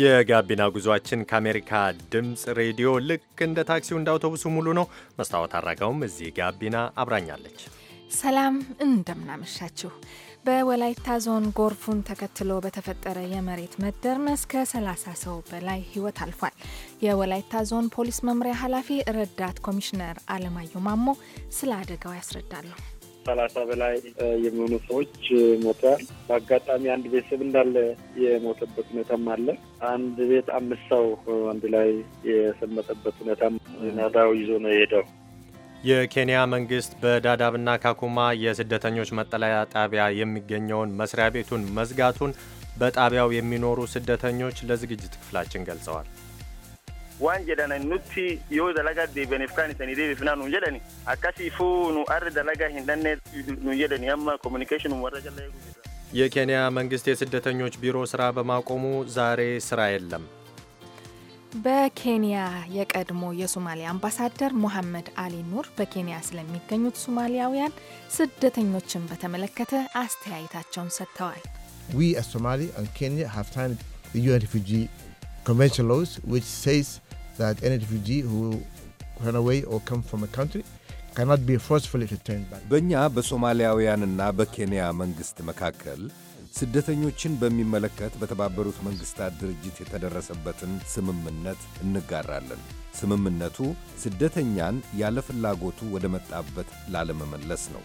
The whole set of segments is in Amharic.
የጋቢና ጉዟችን ከአሜሪካ ድምፅ ሬዲዮ ልክ እንደ ታክሲው እንደ አውቶቡሱ ሙሉ ነው። መስታወት አድራጋውም እዚህ ጋቢና አብራኛለች። ሰላም እንደምናመሻችሁ። በወላይታ ዞን ጎርፉን ተከትሎ በተፈጠረ የመሬት መደርመስ ከ30 ሰው በላይ ሕይወት አልፏል። የወላይታ ዞን ፖሊስ መምሪያ ኃላፊ ረዳት ኮሚሽነር አለማየሁ ማሞ ስለ አደጋው ያስረዳሉ። ሰላሳ በላይ የሚሆኑ ሰዎች ሞተዋል። በአጋጣሚ አንድ ቤተሰብ እንዳለ የሞተበት ሁኔታም አለ። አንድ ቤት አምስት ሰው አንድ ላይ የሰመጠበት ሁኔታም ናዳው ይዞ ነው የሄደው። የኬንያ መንግስት በዳዳብና ካኩማ የስደተኞች መጠለያ ጣቢያ የሚገኘውን መስሪያ ቤቱን መዝጋቱን በጣቢያው የሚኖሩ ስደተኞች ለዝግጅት ክፍላችን ገልጸዋል። waan jedhanan nutti yoo dalagaa deebi'aniif isaanii deebiifnaa nuun jedhani akkasiifuu nu arri dalagaa hin dhanne nuun jedhani amma kominikeeshinum warra jala የኬንያ መንግስት የስደተኞች ቢሮ ስራ በማቆሙ ዛሬ ስራ የለም። በኬንያ የቀድሞ የሶማሊያ አምባሳደር ሞሐመድ አሊ ኑር በኬንያ ስለሚገኙት ሶማሊያውያን ስደተኞችን በተመለከተ አስተያየታቸውን ሰጥተዋል። ዊ ሶማሊ ኬንያ ሃቭ ሳይንድ ዩኤን ኮንቨንሽን ሎስ ዊች ሴይስ that any refugee who run away or come from a country cannot be forcefully returned back. በእኛ በሶማሊያውያንና በኬንያ መንግሥት መካከል ስደተኞችን በሚመለከት በተባበሩት መንግስታት ድርጅት የተደረሰበትን ስምምነት እንጋራለን። ስምምነቱ ስደተኛን ያለ ፍላጎቱ ወደ መጣበት ላለመመለስ ነው።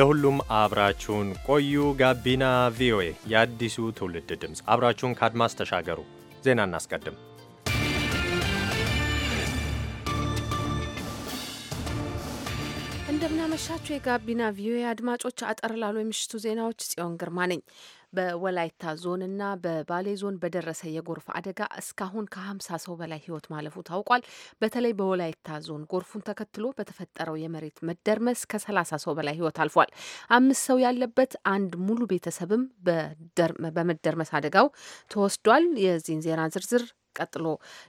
ለሁሉም አብራችሁን ቆዩ። ጋቢና ቪኦኤ የአዲሱ ትውልድ ድምፅ፣ አብራችሁን ካድማስ ተሻገሩ። ዜና እናስቀድም። አመሻችሁ የጋቢና ቪኦኤ አድማጮች፣ አጠር ላሉ የምሽቱ ዜናዎች ጽዮን ግርማ ነኝ። በወላይታ ዞንና በባሌ ዞን በደረሰ የጎርፍ አደጋ እስካሁን ከ ሰው በላይ ህይወት ማለፉ ታውቋል። በተለይ በወላይታ ዞን ጎርፉን ተከትሎ በተፈጠረው የመሬት መደርመስ ከ30 ሰው በላይ ህይወት አልፏል። አምስት ሰው ያለበት አንድ ሙሉ ቤተሰብም በመደርመስ አደጋው ተወስዷል። የዚህን ዜና ዝርዝር ቀጥሎ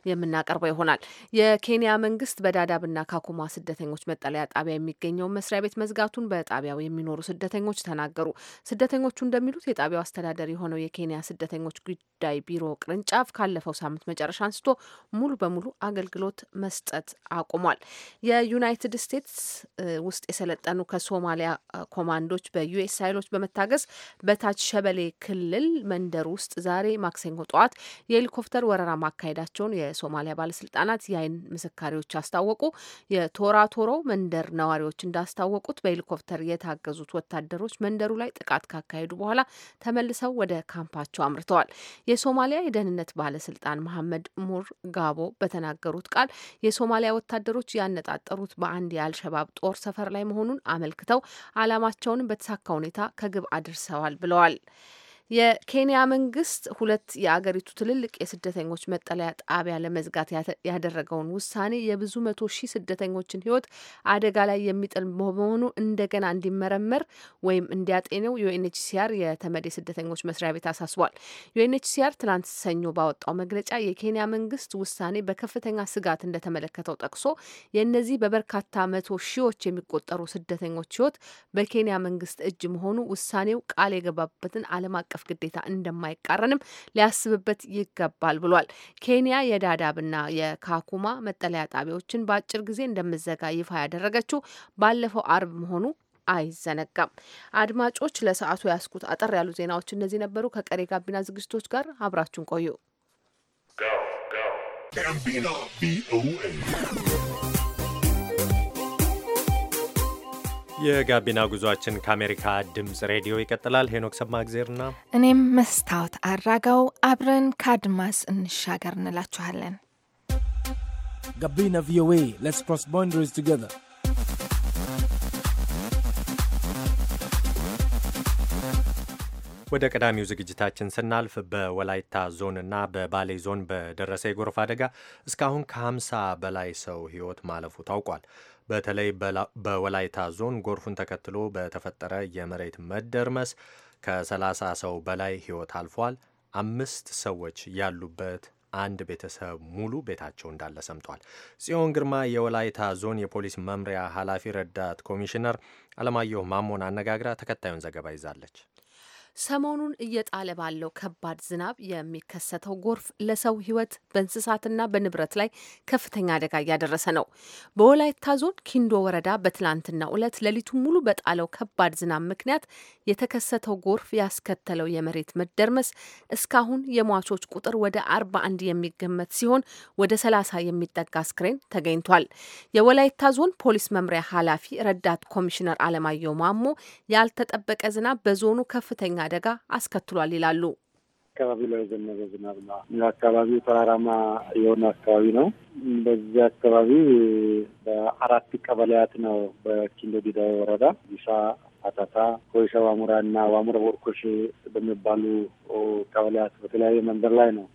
የምናቀርበው ይሆናል። የኬንያ መንግስት በዳዳብና ካኩማ ስደተኞች መጠለያ ጣቢያ የሚገኘውን መስሪያ ቤት መዝጋቱን በጣቢያው የሚኖሩ ስደተኞች ተናገሩ። ስደተኞቹ እንደሚሉት የጣቢያው አስተዳደር የሆነው የኬንያ ስደተኞች ጉዳይ ቢሮ ቅርንጫፍ ካለፈው ሳምንት መጨረሻ አንስቶ ሙሉ በሙሉ አገልግሎት መስጠት አቁሟል። የዩናይትድ ስቴትስ ውስጥ የሰለጠኑ ከሶማሊያ ኮማንዶች በዩኤስ ኃይሎች በመታገዝ በታች ሸበሌ ክልል መንደር ውስጥ ዛሬ ማክሰኞ ጠዋት የሄሊኮፕተር ወረራ ማካሄዳቸውን የሶማሊያ ባለስልጣናት የአይን ምስካሪዎች አስታወቁ። የቶራቶሮ መንደር ነዋሪዎች እንዳስታወቁት በሄሊኮፕተር የታገዙት ወታደሮች መንደሩ ላይ ጥቃት ካካሄዱ በኋላ ተመልሰው ወደ ካምፓቸው አምርተዋል። የሶማሊያ የደህንነት ባለስልጣን መሐመድ ሙር ጋቦ በተናገሩት ቃል የሶማሊያ ወታደሮች ያነጣጠሩት በአንድ የአልሸባብ ጦር ሰፈር ላይ መሆኑን አመልክተው አላማቸውንም በተሳካ ሁኔታ ከግብ አድርሰዋል ብለዋል። የኬንያ መንግስት ሁለት የአገሪቱ ትልልቅ የስደተኞች መጠለያ ጣቢያ ለመዝጋት ያደረገውን ውሳኔ የብዙ መቶ ሺህ ስደተኞችን ህይወት አደጋ ላይ የሚጥል በመሆኑ እንደገና እንዲመረመር ወይም እንዲያጤነው ዩኤንኤችሲአር የተመድ የስደተኞች መስሪያ ቤት አሳስቧል። ዩኤንኤችሲአር ትናንት ሰኞ ባወጣው መግለጫ የኬንያ መንግስት ውሳኔ በከፍተኛ ስጋት እንደተመለከተው ጠቅሶ የእነዚህ በበርካታ መቶ ሺዎች የሚቆጠሩ ስደተኞች ህይወት በኬንያ መንግስት እጅ መሆኑ ውሳኔው ቃል የገባበትን ዓለም አቀፍ አቀፍ ግዴታ እንደማይቃረንም ሊያስብበት ይገባል ብሏል። ኬንያ የዳዳብና የካኩማ መጠለያ ጣቢያዎችን በአጭር ጊዜ እንደምዘጋ ይፋ ያደረገችው ባለፈው አርብ መሆኑ አይዘነጋም። አድማጮች፣ ለሰዓቱ ያስኩት አጠር ያሉ ዜናዎች እነዚህ ነበሩ። ከቀሪ ጋቢና ዝግጅቶች ጋር አብራችሁን ቆዩ። የጋቢና ጉዟችን ከአሜሪካ ድምፅ ሬዲዮ ይቀጥላል። ሄኖክ ሰማእግዜርና እኔም መስታወት አራጋው አብረን ከአድማስ እንሻገር እንላችኋለን። ጋቢና ቪኦኤ ሌትስ ክሮስ ቦንደሪስ ቱጌዘር ወደ ቀዳሚው ዝግጅታችን ስናልፍ በወላይታ ዞንና በባሌ ዞን በደረሰ የጎርፍ አደጋ እስካሁን ከ50 በላይ ሰው ሕይወት ማለፉ ታውቋል። በተለይ በወላይታ ዞን ጎርፉን ተከትሎ በተፈጠረ የመሬት መደርመስ ከ30 ሰው በላይ ሕይወት አልፏል። አምስት ሰዎች ያሉበት አንድ ቤተሰብ ሙሉ ቤታቸው እንዳለ ሰምቷል። ጽዮን ግርማ የወላይታ ዞን የፖሊስ መምሪያ ኃላፊ ረዳት ኮሚሽነር አለማየሁ ማሞን አነጋግራ ተከታዩን ዘገባ ይዛለች። ሰሞኑን እየጣለ ባለው ከባድ ዝናብ የሚከሰተው ጎርፍ ለሰው ሕይወት በእንስሳትና በንብረት ላይ ከፍተኛ አደጋ እያደረሰ ነው። በወላይታ ዞን ኪንዶ ወረዳ በትላንትና ዕለት ሌሊቱ ሙሉ በጣለው ከባድ ዝናብ ምክንያት የተከሰተው ጎርፍ ያስከተለው የመሬት መደርመስ እስካሁን የሟቾች ቁጥር ወደ 41 የሚገመት ሲሆን ወደ 30 የሚጠጋ አስክሬን ተገኝቷል። የወላይታ ዞን ፖሊስ መምሪያ ኃላፊ ረዳት ኮሚሽነር አለማየሁ ማሞ ያልተጠበቀ ዝናብ በዞኑ ከፍተኛ አደጋ አስከትሏል ይላሉ። አካባቢ ላይ የዘነበ ዝናብ ነው። አካባቢው ተራራማ የሆነ አካባቢ ነው። በዚህ አካባቢ በአራት ቀበሌያት ነው በኪንዶ ዲዳ ወረዳ ይሳ አታታ፣ ኮይሻ ዋሙራ እና ዋሙረ ወርኮሽ በሚባሉ ቀበሌያት በተለያየ መንደር ላይ ነው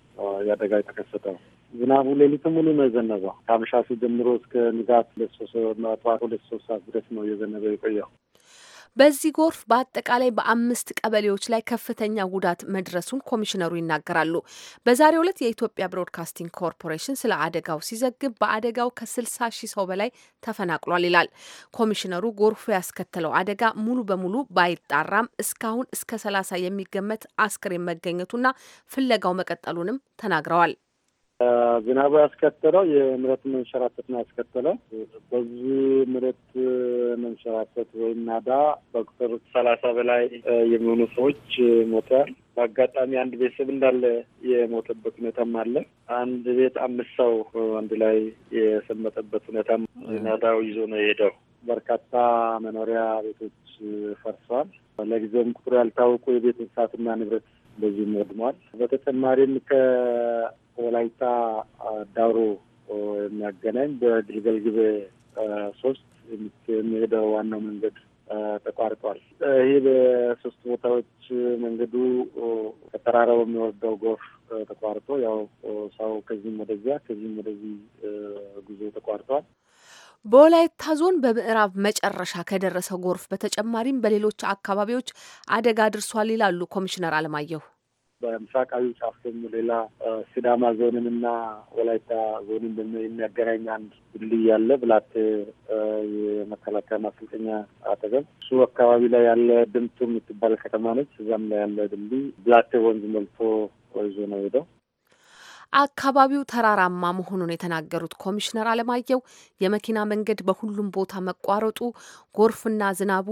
የአደጋ የተከሰተው። ዝናቡ ሌሊት ሙሉ ነው የዘነበው። ከአመሻሹ ጀምሮ እስከ ንጋት ሁለት ሶስት ጠዋት ሁለት ሶስት ሰዓት ድረስ ነው እየዘነበ የቆየው። በዚህ ጎርፍ በአጠቃላይ በአምስት ቀበሌዎች ላይ ከፍተኛ ጉዳት መድረሱን ኮሚሽነሩ ይናገራሉ። በዛሬው ዕለት የኢትዮጵያ ብሮድካስቲንግ ኮርፖሬሽን ስለ አደጋው ሲዘግብ በአደጋው ከ60 ሺህ ሰው በላይ ተፈናቅሏል ይላል ኮሚሽነሩ። ጎርፉ ያስከተለው አደጋ ሙሉ በሙሉ ባይጣራም እስካሁን እስከ 30 የሚገመት አስክሬን መገኘቱና ፍለጋው መቀጠሉንም ተናግረዋል። ዝናቡ ያስከተለው የምረት መንሸራተት ነው ያስከተለው። በዚህ ምረት መንሸራተት ወይም ናዳ በቁጥር ሰላሳ በላይ የሚሆኑ ሰዎች ሞተ። በአጋጣሚ አንድ ቤተሰብ እንዳለ የሞተበት ሁኔታም አለ። አንድ ቤት አምስት ሰው አንድ ላይ የሰመጠበት ሁኔታም ናዳው ይዞ ነው የሄደው። በርካታ መኖሪያ ቤቶች ፈርሷል። ለጊዜውም ቁጥሩ ያልታወቁ የቤት እንስሳትና ንብረት በዚህም ወድሟል። በተጨማሪም ከወላይታ ዳውሮ የሚያገናኝ በድልገል ግቤ ሶስት የሚሄደው ዋናው መንገድ ተቋርጧል። ይህ በሶስት ቦታዎች መንገዱ ከተራራው የሚወርደው ጎርፍ ተቋርጦ ያው ሰው ከዚህም ወደዚያ ከዚህም ወደዚህ ጉዞ ተቋርጧል። በወላይታ ዞን በምዕራብ መጨረሻ ከደረሰ ጎርፍ በተጨማሪም በሌሎች አካባቢዎች አደጋ ድርሷል ይላሉ ኮሚሽነር አለማየሁ። በምስራቃዊ ጫፍ ደግሞ ሌላ ሲዳማ ዞንን እና ወላይታ ዞንን ደግሞ የሚያገናኝ አንድ ድልድይ ያለ ብላት የመከላከያ ማሰልጠኛ አጠገብ እሱ አካባቢ ላይ ያለ ድምቱ የምትባል ከተማ ነች። እዛም ላይ ያለ ድልድይ ብላቴ ወንዝ ሞልቶ ወይዞ ነው ሄደው አካባቢው ተራራማ መሆኑን የተናገሩት ኮሚሽነር አለማየሁ የመኪና መንገድ በሁሉም ቦታ መቋረጡ ጎርፍና ዝናቡ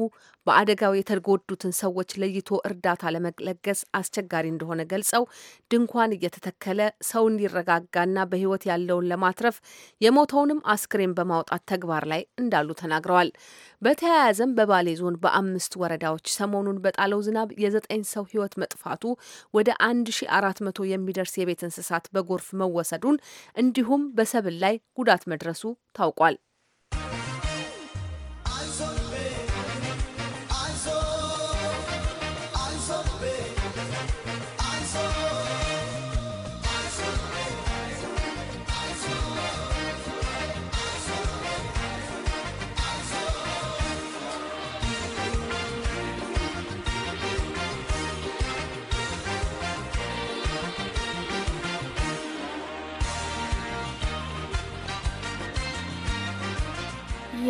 በአደጋው የተጎዱትን ሰዎች ለይቶ እርዳታ ለመለገስ አስቸጋሪ እንደሆነ ገልጸው ድንኳን እየተተከለ ሰው እንዲረጋጋና በሕይወት ያለውን ለማትረፍ የሞተውንም አስክሬን በማውጣት ተግባር ላይ እንዳሉ ተናግረዋል። በተያያዘም በባሌ ዞን በአምስት ወረዳዎች ሰሞኑን በጣለው ዝናብ የዘጠኝ ሰው ሕይወት መጥፋቱ ወደ መቶ የሚደርስ የቤት እንስሳት በጉ በጎርፍ መወሰዱን እንዲሁም በሰብል ላይ ጉዳት መድረሱ ታውቋል።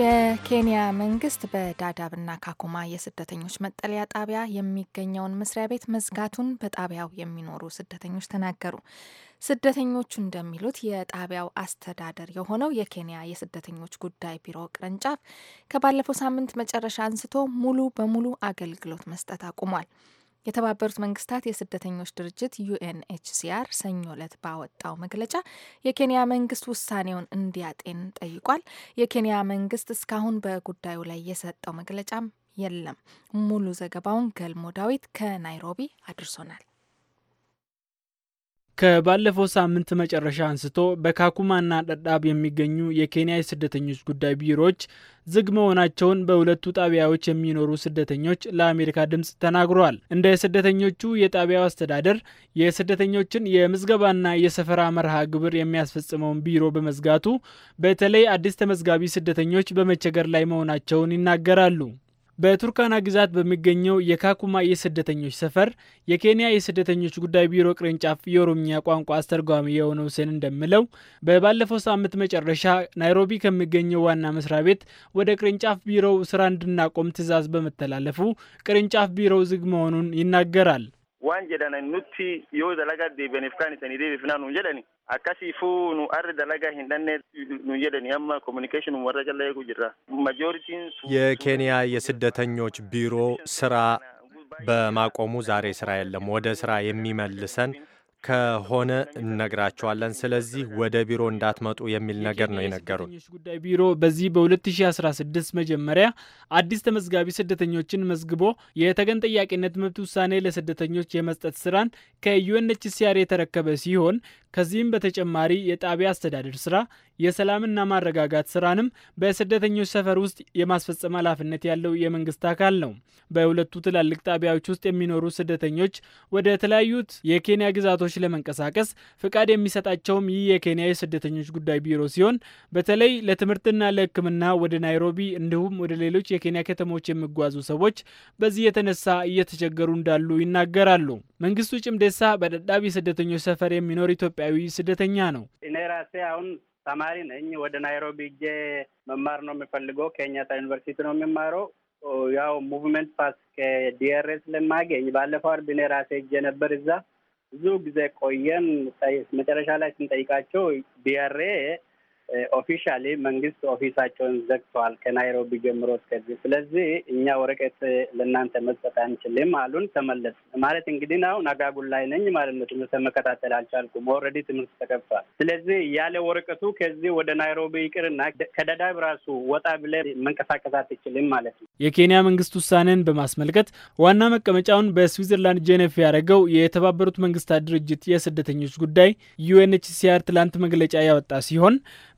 የኬንያ መንግስት በዳዳብና ካኩማ የስደተኞች መጠለያ ጣቢያ የሚገኘውን መስሪያ ቤት መዝጋቱን በጣቢያው የሚኖሩ ስደተኞች ተናገሩ። ስደተኞቹ እንደሚሉት የጣቢያው አስተዳደር የሆነው የኬንያ የስደተኞች ጉዳይ ቢሮ ቅርንጫፍ ከባለፈው ሳምንት መጨረሻ አንስቶ ሙሉ በሙሉ አገልግሎት መስጠት አቁሟል። የተባበሩት መንግስታት የስደተኞች ድርጅት ዩኤንኤችሲአር ሰኞ ዕለት ባወጣው መግለጫ የኬንያ መንግስት ውሳኔውን እንዲያጤን ጠይቋል። የኬንያ መንግስት እስካሁን በጉዳዩ ላይ የሰጠው መግለጫም የለም። ሙሉ ዘገባውን ገልሞ ዳዊት ከናይሮቢ አድርሶናል። ከባለፈው ሳምንት መጨረሻ አንስቶ በካኩማና ጠጣብ የሚገኙ የኬንያ የስደተኞች ጉዳይ ቢሮዎች ዝግ መሆናቸውን በሁለቱ ጣቢያዎች የሚኖሩ ስደተኞች ለአሜሪካ ድምፅ ተናግረዋል። እንደ ስደተኞቹ የጣቢያው አስተዳደር የስደተኞችን የምዝገባና የሰፈራ መርሃ ግብር የሚያስፈጽመውን ቢሮ በመዝጋቱ በተለይ አዲስ ተመዝጋቢ ስደተኞች በመቸገር ላይ መሆናቸውን ይናገራሉ። በቱርካና ግዛት በሚገኘው የካኩማ የስደተኞች ሰፈር የኬንያ የስደተኞች ጉዳይ ቢሮ ቅርንጫፍ የኦሮምኛ ቋንቋ አስተርጓሚ የሆነው ስን እንደሚለው በባለፈው ሳምንት መጨረሻ ናይሮቢ ከሚገኘው ዋና መስሪያ ቤት ወደ ቅርንጫፍ ቢሮው ስራ እንድናቆም ትዕዛዝ በመተላለፉ ቅርንጫፍ ቢሮው ዝግ መሆኑን ይናገራል። ዋን ጀዳነ ኑቲ ዮ ደለጋ ዴበኔፍካን ሰኒ ጀደኒ akkasii fu nu arre dalaga hin dhanne nu jedhen amma ኮሚኒኬሽን warra jallee jirra majoritiin የኬንያ የስደተኞች ቢሮ ስራ በማቆሙ ዛሬ ስራ የለም። ወደ ስራ የሚመልሰን ከሆነ እነግራቸዋለን። ስለዚህ ወደ ቢሮ እንዳትመጡ የሚል ነገር ነው የነገሩን። ጉዳይ ቢሮ በዚህ በ2016 መጀመሪያ አዲስ ተመዝጋቢ ስደተኞችን መዝግቦ የተገን ጠያቂነት መብት ውሳኔ ለስደተኞች የመስጠት ስራን ከዩኤንኤችሲአር የተረከበ ሲሆን ከዚህም በተጨማሪ የጣቢያ አስተዳደር ስራ፣ የሰላምና ማረጋጋት ስራንም በስደተኞች ሰፈር ውስጥ የማስፈጸም ኃላፊነት ያለው የመንግስት አካል ነው። በሁለቱ ትላልቅ ጣቢያዎች ውስጥ የሚኖሩ ስደተኞች ወደ ተለያዩት የኬንያ ግዛቶች ሀገሮች ለመንቀሳቀስ ፍቃድ የሚሰጣቸውም ይህ የኬንያ የስደተኞች ጉዳይ ቢሮ ሲሆን በተለይ ለትምህርትና ለሕክምና ወደ ናይሮቢ እንዲሁም ወደ ሌሎች የኬንያ ከተሞች የሚጓዙ ሰዎች በዚህ የተነሳ እየተቸገሩ እንዳሉ ይናገራሉ። መንግስቱ ጭምደሳ በደዳብ የስደተኞች ሰፈር የሚኖር ኢትዮጵያዊ ስደተኛ ነው። እኔ ራሴ አሁን ተማሪ ነኝ። ወደ ናይሮቢ እጄ መማር ነው የሚፈልገው። ኬንያታ ዩኒቨርሲቲ ነው የሚማረው። ያው ሙቭመንት ፓስ ከዲኤርኤስ ለማገኝ ባለፈው አርብ እኔ ራሴ እጄ ነበር እዛ ብዙ ጊዜ ቆየን። መጨረሻ ላይ ስንጠይቃቸው ቢያሬ ኦፊሻሊ መንግስት ኦፊሳቸውን ዘግተዋል ከናይሮቢ ጀምሮ እስከዚህ። ስለዚህ እኛ ወረቀት ለእናንተ መስጠት አንችልም አሉን። ተመለስ ማለት እንግዲህ አሁን አጋጉል ላይ ነኝ ማለት ነው። ትምህርት መከታተል አልቻልኩም። ኦልሬዲ ትምህርት ተከፍቷል። ስለዚህ ያለ ወረቀቱ ከዚህ ወደ ናይሮቢ ይቅርና ከደዳብ ራሱ ወጣ ብለ መንቀሳቀስ አትችልም ማለት ነው። የኬንያ መንግስት ውሳኔን በማስመልከት ዋና መቀመጫውን በስዊዘርላንድ ጄኔቭ ያደረገው የተባበሩት መንግስታት ድርጅት የስደተኞች ጉዳይ ዩኤንኤችሲአር ትላንት መግለጫ ያወጣ ሲሆን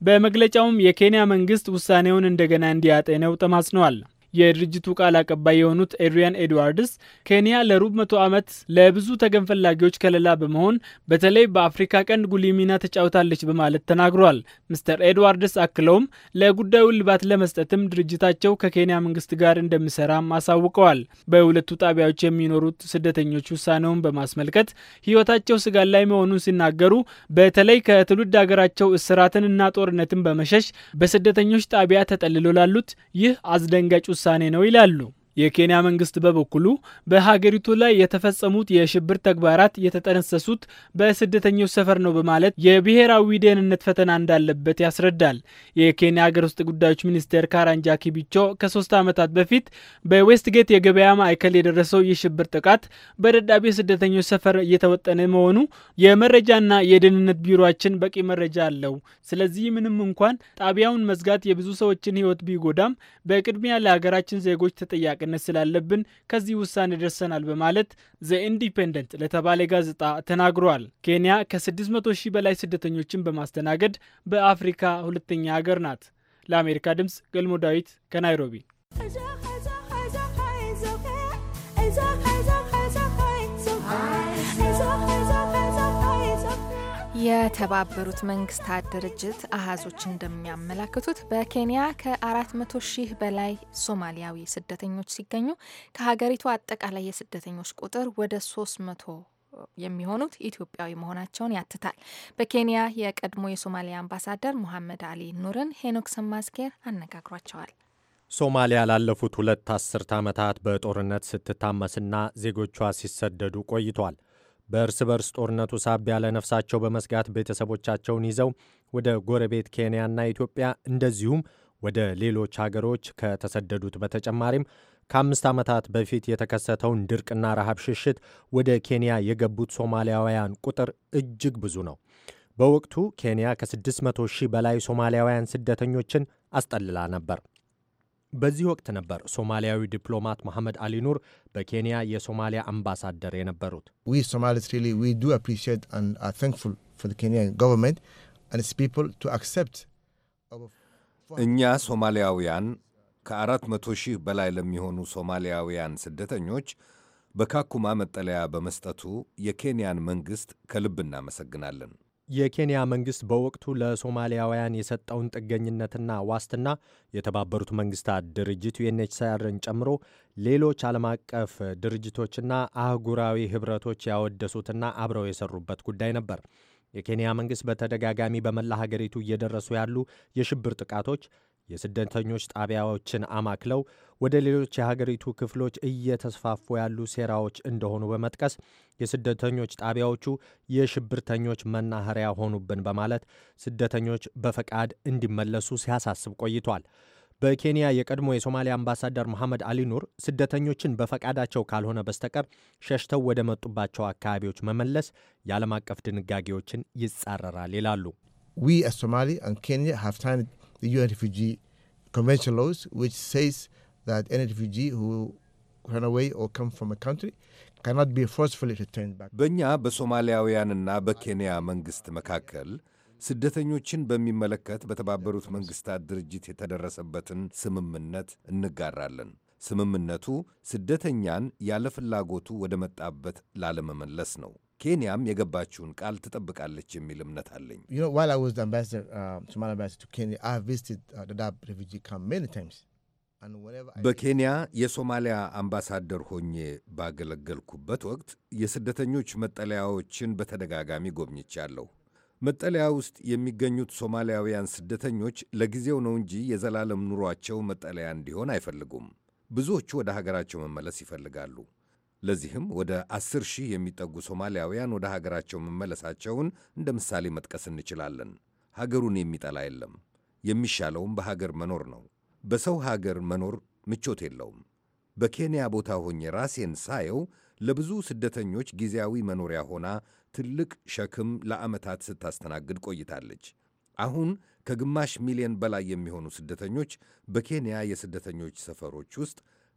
በመግለጫውም የኬንያ መንግስት ውሳኔውን እንደገና እንዲያጤነው ተማጽነዋል። የድርጅቱ ቃል አቀባይ የሆኑት ኤድሪያን ኤድዋርድስ ኬንያ ለሩብ መቶ ዓመት ለብዙ ተገን ፈላጊዎች ከለላ በመሆን በተለይ በአፍሪካ ቀንድ ጉልህ ሚና ተጫውታለች በማለት ተናግሯል። ሚስተር ኤድዋርድስ አክለውም ለጉዳዩ እልባት ለመስጠትም ድርጅታቸው ከኬንያ መንግስት ጋር እንደሚሰራም አሳውቀዋል። በሁለቱ ጣቢያዎች የሚኖሩት ስደተኞች ውሳኔውን በማስመልከት ህይወታቸው ስጋት ላይ መሆኑን ሲናገሩ በተለይ ከትውልድ ሀገራቸው እስራትንና ጦርነትን በመሸሽ በስደተኞች ጣቢያ ተጠልሎ ላሉት ይህ አስደንጋጭ ውሳኔ ነው ይላሉ። የኬንያ መንግስት በበኩሉ በሀገሪቱ ላይ የተፈጸሙት የሽብር ተግባራት የተጠነሰሱት በስደተኞች ሰፈር ነው በማለት የብሔራዊ ደህንነት ፈተና እንዳለበት ያስረዳል። የኬንያ ሀገር ውስጥ ጉዳዮች ሚኒስቴር ካራንጃ ኪቢቾ ከሶስት ዓመታት በፊት በዌስትጌት የገበያ ማዕከል የደረሰው የሽብር ጥቃት በደዳቤ ስደተኞች ሰፈር እየተወጠነ መሆኑ የመረጃና የደህንነት ቢሮችን በቂ መረጃ አለው። ስለዚህ ምንም እንኳን ጣቢያውን መዝጋት የብዙ ሰዎችን ህይወት ቢጎዳም በቅድሚያ ለሀገራችን ዜጎች ተጠያቂ ተጠያቂነት ስላለብን ከዚህ ውሳኔ ደርሰናል በማለት ዘኢንዲፔንደንት ለተባለ ጋዜጣ ተናግረዋል። ኬንያ ከ600 ሺህ በላይ ስደተኞችን በማስተናገድ በአፍሪካ ሁለተኛ ሀገር ናት። ለአሜሪካ ድምፅ ገልሞ ዳዊት ከናይሮቢ የተባበሩት መንግስታት ድርጅት አሃዞች እንደሚያመላክቱት በኬንያ ከ400 ሺህ በላይ ሶማሊያዊ ስደተኞች ሲገኙ ከሀገሪቱ አጠቃላይ የስደተኞች ቁጥር ወደ 300 የሚሆኑት ኢትዮጵያዊ መሆናቸውን ያትታል። በኬንያ የቀድሞ የሶማሊያ አምባሳደር ሙሐመድ አሊ ኑርን ሄኖክ ሰማዝጌር አነጋግሯቸዋል። ሶማሊያ ላለፉት ሁለት አስርት ዓመታት በጦርነት ስትታመስና ዜጎቿ ሲሰደዱ ቆይቷል። በእርስ በርስ ጦርነቱ ሳቢያ ለነፍሳቸው በመስጋት ቤተሰቦቻቸውን ይዘው ወደ ጎረቤት ኬንያና ኢትዮጵያ እንደዚሁም ወደ ሌሎች ሀገሮች ከተሰደዱት በተጨማሪም ከአምስት ዓመታት በፊት የተከሰተውን ድርቅና ረሃብ ሽሽት ወደ ኬንያ የገቡት ሶማሊያውያን ቁጥር እጅግ ብዙ ነው። በወቅቱ ኬንያ ከ600 ሺህ በላይ ሶማሊያውያን ስደተኞችን አስጠልላ ነበር። በዚህ ወቅት ነበር ሶማሊያዊ ዲፕሎማት መሐመድ አሊ ኑር በኬንያ የሶማሊያ አምባሳደር የነበሩት። እኛ ሶማሊያውያን ከአራት መቶ ሺህ በላይ ለሚሆኑ ሶማሊያውያን ስደተኞች በካኩማ መጠለያ በመስጠቱ የኬንያን መንግሥት ከልብ እናመሰግናለን። የኬንያ መንግስት በወቅቱ ለሶማሊያውያን የሰጠውን ጥገኝነትና ዋስትና የተባበሩት መንግስታት ድርጅት ዩኤንኤችሲአርን ጨምሮ ሌሎች ዓለም አቀፍ ድርጅቶችና አህጉራዊ ህብረቶች ያወደሱትና አብረው የሰሩበት ጉዳይ ነበር። የኬንያ መንግስት በተደጋጋሚ በመላ ሀገሪቱ እየደረሱ ያሉ የሽብር ጥቃቶች የስደተኞች ጣቢያዎችን አማክለው ወደ ሌሎች የሀገሪቱ ክፍሎች እየተስፋፉ ያሉ ሴራዎች እንደሆኑ በመጥቀስ የስደተኞች ጣቢያዎቹ የሽብርተኞች መናኸሪያ ሆኑብን በማለት ስደተኞች በፈቃድ እንዲመለሱ ሲያሳስብ ቆይቷል። በኬንያ የቀድሞ የሶማሊያ አምባሳደር መሐመድ አሊ ኑር ስደተኞችን በፈቃዳቸው ካልሆነ በስተቀር ሸሽተው ወደ መጡባቸው አካባቢዎች መመለስ የዓለም አቀፍ ድንጋጌዎችን ይጻረራል ይላሉ። ዊ ሶማሊ ኬንያ the UN Refugee Convention laws, which says that any refugee who run away or come from a country cannot be forcefully returned back። በእኛ በሶማሊያውያንና በኬንያ መንግሥት መካከል ስደተኞችን በሚመለከት በተባበሩት መንግስታት ድርጅት የተደረሰበትን ስምምነት እንጋራለን። ስምምነቱ ስደተኛን ያለ ፍላጎቱ ወደ መጣበት ላለመመለስ ነው። ኬንያም የገባችውን ቃል ትጠብቃለች የሚል እምነት አለኝ። uh, uh, በኬንያ የሶማሊያ አምባሳደር ሆኜ ባገለገልኩበት ወቅት የስደተኞች መጠለያዎችን በተደጋጋሚ ጎብኝቻለሁ። መጠለያ ውስጥ የሚገኙት ሶማሊያውያን ስደተኞች ለጊዜው ነው እንጂ የዘላለም ኑሯቸው መጠለያ እንዲሆን አይፈልጉም። ብዙዎቹ ወደ ሀገራቸው መመለስ ይፈልጋሉ። ለዚህም ወደ አስር ሺህ የሚጠጉ ሶማሊያውያን ወደ ሀገራቸው መመለሳቸውን እንደ ምሳሌ መጥቀስ እንችላለን። ሀገሩን የሚጠላ የለም። የሚሻለውም በሀገር መኖር ነው። በሰው ሀገር መኖር ምቾት የለውም። በኬንያ ቦታ ሆኜ ራሴን ሳየው ለብዙ ስደተኞች ጊዜያዊ መኖሪያ ሆና ትልቅ ሸክም ለዓመታት ስታስተናግድ ቆይታለች። አሁን ከግማሽ ሚሊዮን በላይ የሚሆኑ ስደተኞች በኬንያ የስደተኞች ሰፈሮች ውስጥ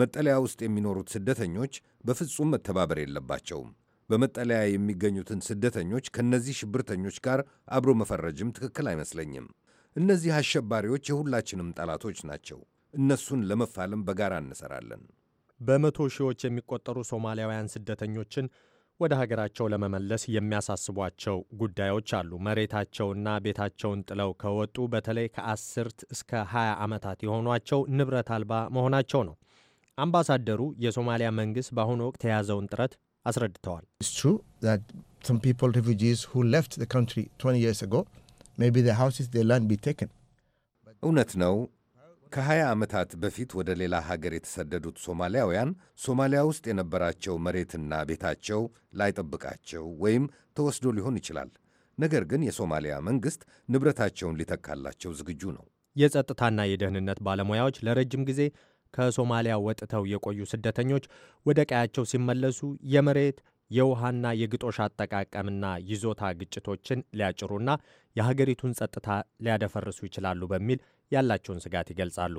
መጠለያ ውስጥ የሚኖሩት ስደተኞች በፍጹም መተባበር የለባቸውም። በመጠለያ የሚገኙትን ስደተኞች ከእነዚህ ሽብርተኞች ጋር አብሮ መፈረጅም ትክክል አይመስለኝም። እነዚህ አሸባሪዎች የሁላችንም ጠላቶች ናቸው። እነሱን ለመፋለም በጋራ እንሰራለን። በመቶ ሺዎች የሚቆጠሩ ሶማሊያውያን ስደተኞችን ወደ ሀገራቸው ለመመለስ የሚያሳስቧቸው ጉዳዮች አሉ። መሬታቸውና ቤታቸውን ጥለው ከወጡ በተለይ ከአስርት እስከ 20 ዓመታት የሆኗቸው ንብረት አልባ መሆናቸው ነው። አምባሳደሩ የሶማሊያ መንግሥት በአሁኑ ወቅት የያዘውን ጥረት አስረድተዋል። እውነት ነው። ከ20 ዓመታት በፊት ወደ ሌላ ሀገር የተሰደዱት ሶማሊያውያን ሶማሊያ ውስጥ የነበራቸው መሬትና ቤታቸው ላይጠብቃቸው ወይም ተወስዶ ሊሆን ይችላል። ነገር ግን የሶማሊያ መንግሥት ንብረታቸውን ሊተካላቸው ዝግጁ ነው። የጸጥታና የደህንነት ባለሙያዎች ለረጅም ጊዜ ከሶማሊያ ወጥተው የቆዩ ስደተኞች ወደ ቀያቸው ሲመለሱ የመሬት የውሃና የግጦሽ አጠቃቀምና ይዞታ ግጭቶችን ሊያጭሩና የሀገሪቱን ጸጥታ ሊያደፈርሱ ይችላሉ በሚል ያላቸውን ስጋት ይገልጻሉ።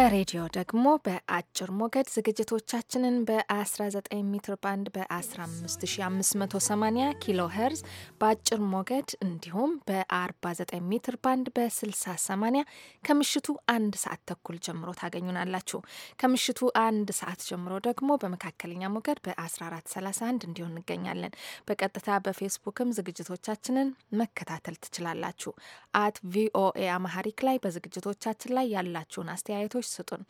በሬዲዮ ደግሞ በአጭር ሞገድ ዝግጅቶቻችንን በ19 ሜትር ባንድ በ15580 ኪሎ ሄርዝ በአጭር ሞገድ እንዲሁም በ49 ሜትር ባንድ በ6080 ከምሽቱ አንድ ሰዓት ተኩል ጀምሮ ታገኙናላችሁ። ከምሽቱ አንድ ሰዓት ጀምሮ ደግሞ በመካከለኛ ሞገድ በ1431 እንዲሁን እንገኛለን። በቀጥታ በፌስቡክም ዝግጅቶቻችንን መከታተል ትችላላችሁ። አት ቪኦኤ አማሐሪክ ላይ በዝግጅቶቻችን ላይ ያላችሁን አስተያየቶች ስጡን።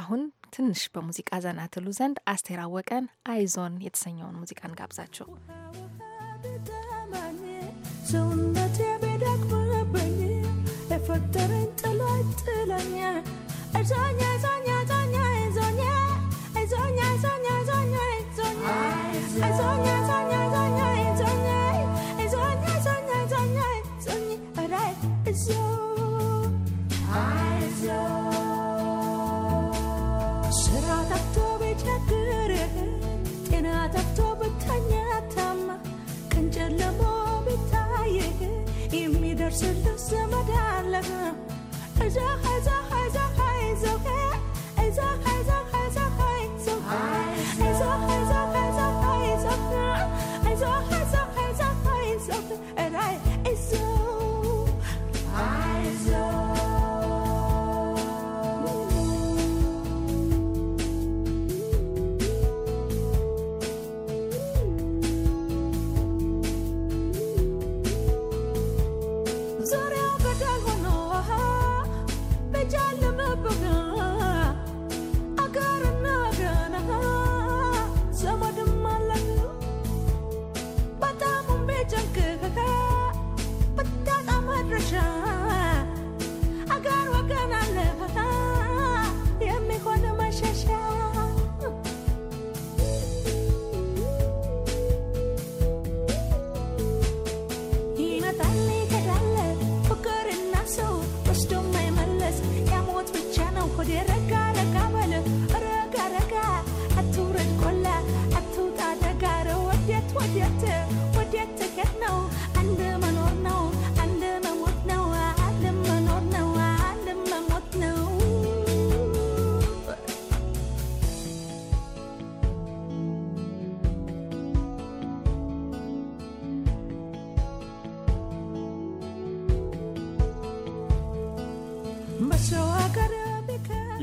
አሁን ትንሽ በሙዚቃ ዘና ትሉ ዘንድ አስቴር አወቀን አይዞን የተሰኘውን ሙዚቃን ጋብዛችሁ ሰውነቴ ቢደክምብኝ سردم سمدان لگم اجا خزا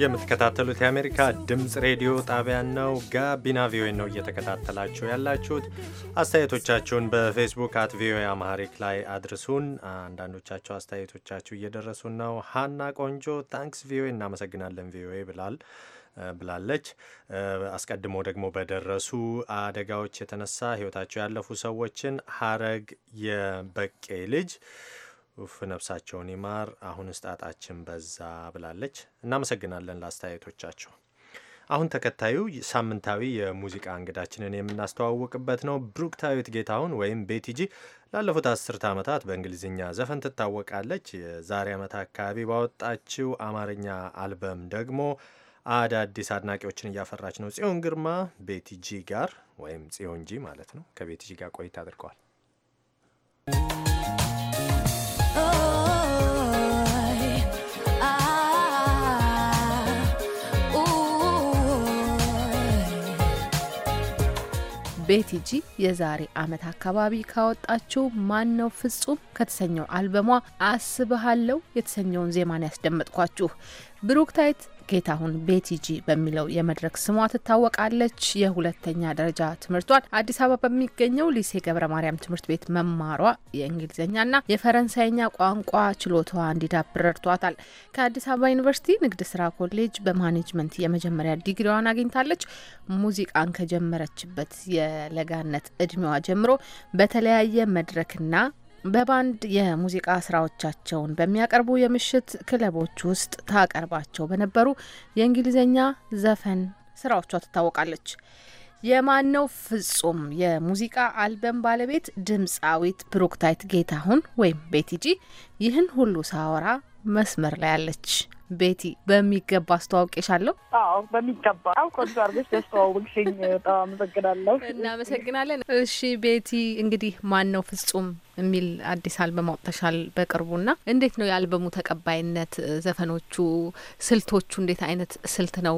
የምትከታተሉት የአሜሪካ ድምፅ ሬዲዮ ጣቢያን ነው። ጋቢና ቪኦኤ ነው እየተከታተላችሁ ያላችሁት። አስተያየቶቻችሁን በፌስቡክ አት ቪኦኤ አማሪክ ላይ አድርሱን። አንዳንዶቻቸው አስተያየቶቻችሁ እየደረሱን ነው። ሀና ቆንጆ ታንክስ ቪኦኤ እናመሰግናለን ቪኦኤ ብላል ብላለች። አስቀድሞ ደግሞ በደረሱ አደጋዎች የተነሳ ህይወታቸው ያለፉ ሰዎችን ሀረግ የበቄ ልጅ ውፍ ነፍሳቸውን ይማር። አሁን ስጣጣችን በዛ ብላለች። እናመሰግናለን ለአስተያየቶቻቸው። አሁን ተከታዩ ሳምንታዊ የሙዚቃ እንግዳችንን የምናስተዋውቅበት ነው። ብሩክታዊት ጌታሁን ወይም ቤቲጂ ላለፉት አስርተ ዓመታት በእንግሊዝኛ ዘፈን ትታወቃለች። የዛሬ ዓመት አካባቢ ባወጣችው አማርኛ አልበም ደግሞ አዳዲስ አድናቂዎችን እያፈራች ነው። ጽዮን ግርማ ቤቲጂ ጋር ወይም ጽዮን ጂ ማለት ነው ከቤቲጂ ጋር ቆይታ አድርገዋል። ቤቲጂ የዛሬ ዓመት አካባቢ ካወጣችው ነው ፍጹም ከተሰኘው አልበሟ አስብሃለው የተሰኘውን ዜማን ያስደመጥኳችሁ ብሩክታይት ጌታሁን ቤቲጂ በሚለው የመድረክ ስሟ ትታወቃለች። የሁለተኛ ደረጃ ትምህርቷን አዲስ አበባ በሚገኘው ሊሴ ገብረ ማርያም ትምህርት ቤት መማሯ የእንግሊዝኛና የፈረንሳይኛ ቋንቋ ችሎታዋ እንዲዳብር ረድቷታል። ከአዲስ አበባ ዩኒቨርሲቲ ንግድ ስራ ኮሌጅ በማኔጅመንት የመጀመሪያ ዲግሪዋን አግኝታለች። ሙዚቃን ከጀመረችበት የለጋነት እድሜዋ ጀምሮ በተለያየ መድረክና በባንድ የሙዚቃ ስራዎቻቸውን በሚያቀርቡ የምሽት ክለቦች ውስጥ ታቀርባቸው በነበሩ የእንግሊዝኛ ዘፈን ስራዎቿ ትታወቃለች። የማነው ፍጹም የሙዚቃ አልበም ባለቤት ድምፃዊት ብሩክታይት ጌታሁን ወይም ቤቲጂ ይህን ሁሉ ሳወራ መስመር ላይ አለች። ቤቲ በሚገባ አስተዋውቄሻለሁ። አዎ በሚገባ ቆንጆ አድርገሽ ያስተዋወቅሽኝ። በጣም አመሰግናለሁ። እናመሰግናለን። እሺ ቤቲ፣ እንግዲህ ማን ነው ፍጹም የሚል አዲስ አልበም አውጥተሻል ና እንዴት ነው የአልበሙ ተቀባይነት? ዘፈኖቹ፣ ስልቶቹ እንዴት አይነት ስልት ነው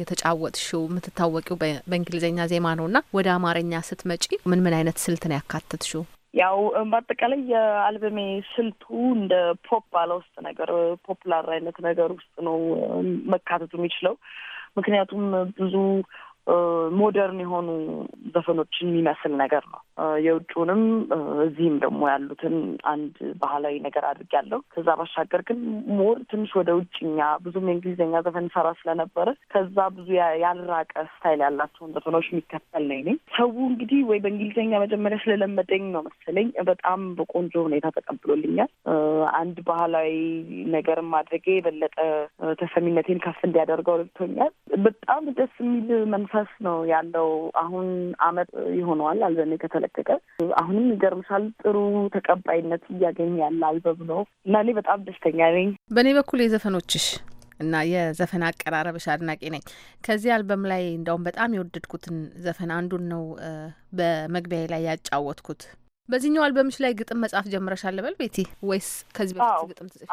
የተጫወትሽው? የምትታወቂው በእንግሊዝኛ ዜማ ና ወደ አማርኛ ስትመጪ ምን ምን አይነት ስልት ነው ያካተትሽው? ያው በአጠቃላይ የአልበሜ ስልቱ እንደ ፖፕ ባለ ውስጥ ነገር ፖፕላር አይነት ነገር ውስጥ ነው መካተቱ የሚችለው። ምክንያቱም ብዙ ሞደርን የሆኑ ዘፈኖችን የሚመስል ነገር ነው። የውጭውንም እዚህም ደግሞ ያሉትን አንድ ባህላዊ ነገር አድርጌያለሁ። ከዛ ባሻገር ግን ሞር ትንሽ ወደ ውጭኛ ብዙም የእንግሊዝኛ ዘፈን ሰራ ስለነበረ ከዛ ብዙ ያልራቀ ስታይል ያላቸውን ዘፈኖች የሚከተል ነኝ ነኝ። ሰው እንግዲህ ወይ በእንግሊዝኛ መጀመሪያ ስለለመደኝ ነው መሰለኝ በጣም በቆንጆ ሁኔታ ተቀብሎልኛል። አንድ ባህላዊ ነገር ማድረጌ የበለጠ ተሰሚነቴን ከፍ እንዲያደርገው ልብቶኛል። በጣም ደስ የሚል ፕሮሰስ ነው ያለው። አሁን አመት ይሆነዋል አልበሜ ከተለቀቀ። አሁንም ይገርምሻል ጥሩ ተቀባይነት እያገኘ ያለ አልበም ነው እና እኔ በጣም ደስተኛ ነኝ። በእኔ በኩል የዘፈኖችሽ እና የዘፈን አቀራረብሽ አድናቂ ነኝ። ከዚህ አልበም ላይ እንደውም በጣም የወደድኩትን ዘፈን አንዱን ነው በመግቢያ ላይ ያጫወትኩት። በዚህኛው አልበምሽ ላይ ግጥም መጻፍ ጀምረሻል በል ቤቲ ወይስ ከዚህ በፊት ግጥም ትጽፊ?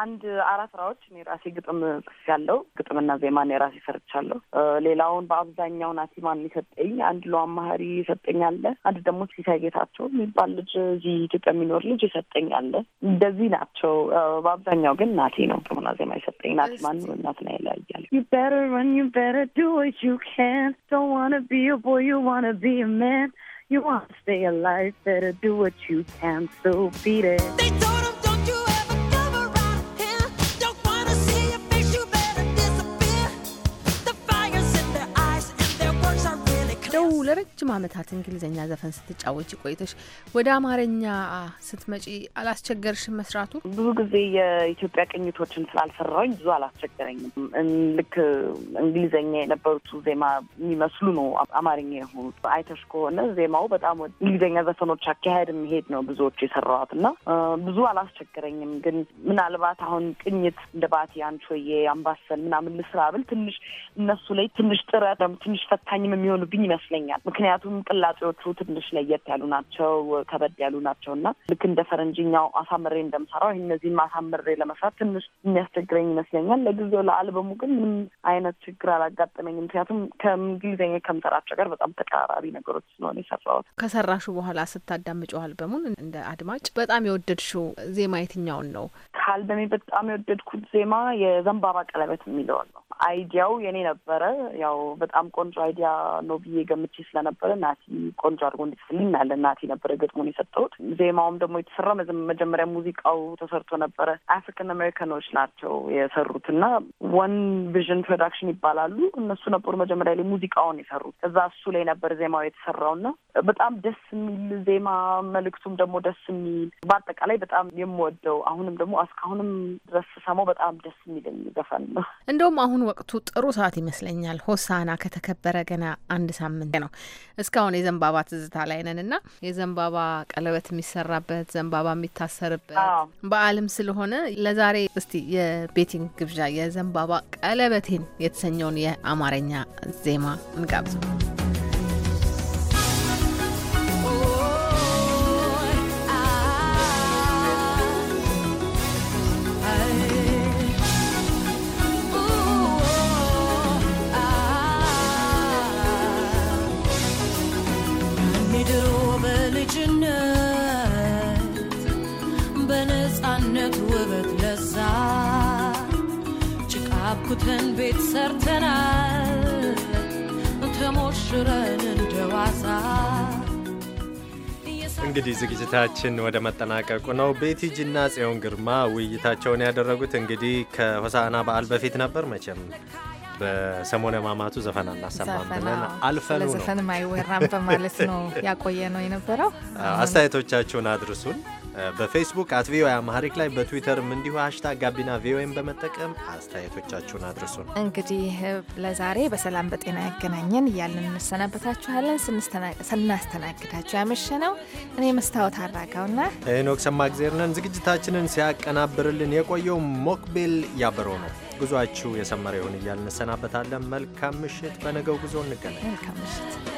አንድ አራት ስራዎች እኔ ራሴ ግጥም ጽፍ ያለው ግጥምና ዜማ ዜማን ራሴ ሰርቻለሁ። ሌላውን በአብዛኛው ናቲማን የሰጠኝ አንድ ለአማሀሪ የሰጠኝ አለ። አንድ ደግሞ ሲሳይ ጌታቸው የሚባል ልጅ እዚህ ኢትዮጵያ የሚኖር ልጅ የሰጠኝ አለ። እንደዚህ ናቸው። በአብዛኛው ግን ናቲ ነው ግጥምና ዜማ የሰጠኝ። ናቲማን እናትና ይለያያል። You better run, you better do what you can. Don't wanna be a boy, you wanna be a man. You want to stay alive, better do what you can, so beat it. ለረጅም ዓመታት እንግሊዝኛ ዘፈን ስትጫወች ቆይተሽ ወደ አማርኛ ስትመጪ አላስቸገርሽ መስራቱ? ብዙ ጊዜ የኢትዮጵያ ቅኝቶችን ስላልሰራሁኝ ብዙ አላስቸገረኝም። ልክ እንግሊዝኛ የነበሩት ዜማ የሚመስሉ ነው አማርኛ የሆኑት። አይተሽ ከሆነ ዜማው በጣም እንግሊዝኛ ዘፈኖች አካሄድ የሚሄድ ነው ብዙዎቹ የሰራዋት እና ብዙ አላስቸገረኝም። ግን ምናልባት አሁን ቅኝት እንደ ባቲ አንቾዬ፣ አምባሰል ምናምን ልስራ ብል ትንሽ እነሱ ላይ ትንሽ ጥረት ትንሽ ፈታኝም የሚሆኑብኝ ይመስለኛል። ምክንያቱም ቅላጼዎቹ ትንሽ ለየት ያሉ ናቸው፣ ከበድ ያሉ ናቸው እና ልክ እንደ ፈረንጅኛው አሳምሬ እንደምሰራው እነዚህም አሳምሬ ለመስራት ትንሽ የሚያስቸግረኝ ይመስለኛል። ለጊዜው ለአልበሙ ግን ምንም አይነት ችግር አላጋጠመኝም። ምክንያቱም ከእንግሊዝኛ ከምሰራቸው ጋር በጣም ተቀራራቢ ነገሮች ስለሆነ የሰራሁት። ከሰራሹ በኋላ ስታዳምጪው አልበሙን እንደ አድማጭ በጣም የወደድሽው ዜማ የትኛውን ነው? ከአልበሜ በጣም የወደድኩት ዜማ የዘንባባ ቀለበት የሚለውን ነው። አይዲያው የኔ ነበረ። ያው በጣም ቆንጆ አይዲያ ነው ብዬ ገምቼ ስለነበረ ናቲ ቆንጆ አድርጎ እንዲጽፍልናለ ናቲ ነበረ ገጥሞን የሰጠሁት። ዜማውም ደግሞ የተሰራው መጀመሪያ ሙዚቃው ተሰርቶ ነበረ። አፍሪካን አሜሪካኖች ናቸው የሰሩት እና ወን ቪዥን ፕሮዳክሽን ይባላሉ እነሱ ነበሩ መጀመሪያ ላይ ሙዚቃውን የሰሩት። ከዛ እሱ ላይ ነበር ዜማው የተሰራው እና በጣም ደስ የሚል ዜማ መልእክቱም ደግሞ ደስ የሚል በአጠቃላይ በጣም የምወደው አሁንም ደግሞ እስካሁንም ድረስ ሰማው በጣም ደስ የሚል ዘፈን ነው። እንደውም አሁን ወቅቱ ጥሩ ሰዓት ይመስለኛል። ሆሳና ከተከበረ ገና አንድ ሳምንት ነው። እስካሁን የዘንባባ ትዝታ ላይ ነን እና የዘንባባ ቀለበት የሚሰራበት ዘንባባ የሚታሰርበት በዓልም ስለሆነ ለዛሬ እስቲ የቤቲንግ ግብዣ የዘንባባ ቀለበቴን የተሰኘውን የአማርኛ ዜማ እንጋብዘው። የድሮ በልጅነት በነፃነት ውበት ለዛ ጭቃብኩተን ቤት ሰርተናል ተሞሽረን እንደዋዛ እንግዲህ ዝግጅታችን ወደ መጠናቀቁ ነው። ቤቲጅና ጽዮን ግርማ ውይይታቸውን ያደረጉት እንግዲህ ከሆሳዕና በዓል በፊት ነበር መቼም በሰሞነ ማማቱ ዘፈን አናሰማም ብለን አልፈኑ ነው። ዘፈን ማይወራም በማለት ነው ያቆየ ነው የነበረው። አስተያየቶቻችሁን አድርሱን። በፌስቡክ አት ቪኦኤ አማሪክ ላይ በትዊተርም እንዲሁ ሀሽታግ ጋቢና ቪኦኤን በመጠቀም አስተያየቶቻችሁን አድርሱን። እንግዲህ ለዛሬ በሰላም በጤና ያገናኘን እያልን እንሰናበታችኋለን። ስናስተናግዳችሁ ያመሸ ነው እኔ መስታወት አራጋውና ሄኖክ ሰማ ጊዜርነን። ዝግጅታችንን ሲያቀናብርልን የቆየው ሞክቤል ያበረ ነው። ጉዟችሁ የሰመረ ይሁን እያልን እንሰናበታለን። መልካም ምሽት። በነገው ጉዞ እንገናኝ። መልካም ምሽት።